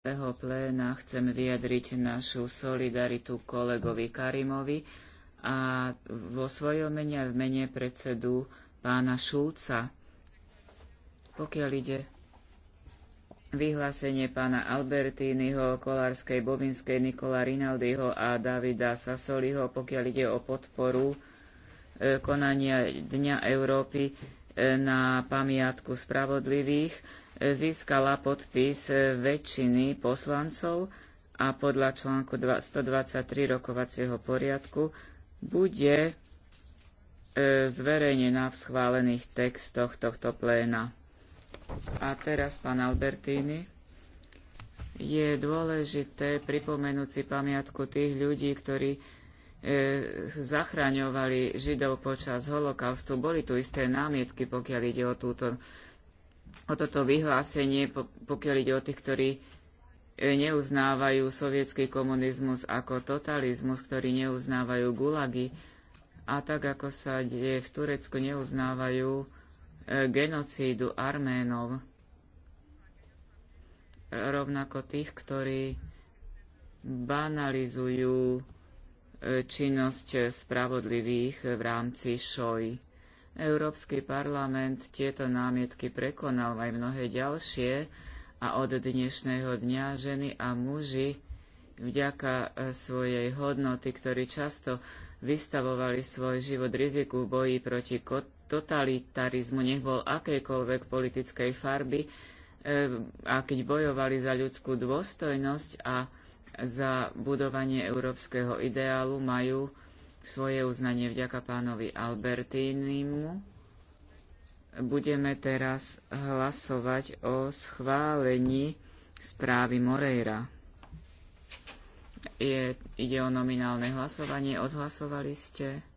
prvého pléna chcem vyjadriť našu solidaritu kolegovi Karimovi a vo svojom mene a v mene predsedu pána Šulca. Pokiaľ ide vyhlásenie pána Albertínyho, Kolárskej, Bobinskej, Nikola Rinaldiho a Davida Sasoliho, pokiaľ ide o podporu e, konania Dňa Európy, na pamiatku spravodlivých získala podpis väčšiny poslancov a podľa článku 123 rokovacieho poriadku bude e, zverejnená v schválených textoch tohto pléna. A teraz, pán Albertini, je dôležité pripomenúť si pamiatku tých ľudí, ktorí E, zachraňovali Židov počas holokaustu. Boli tu isté námietky, pokiaľ ide o, túto, o toto vyhlásenie, pokiaľ ide o tých, ktorí e, neuznávajú sovietský komunizmus ako totalizmus, ktorí neuznávajú gulagy a tak, ako sa deje v Turecku, neuznávajú e, genocídu Arménov. Rovnako tých, ktorí banalizujú činnosť spravodlivých v rámci ŠOJ. Európsky parlament tieto námietky prekonal aj mnohé ďalšie a od dnešného dňa ženy a muži vďaka e, svojej hodnoty, ktorí často vystavovali svoj život riziku v boji proti totalitarizmu, nech bol akejkoľvek politickej farby, e, a keď bojovali za ľudskú dôstojnosť a za budovanie európskeho ideálu majú svoje uznanie vďaka pánovi Albertínimu. Budeme teraz hlasovať o schválení správy Moreira. Je, ide o nominálne hlasovanie. Odhlasovali ste?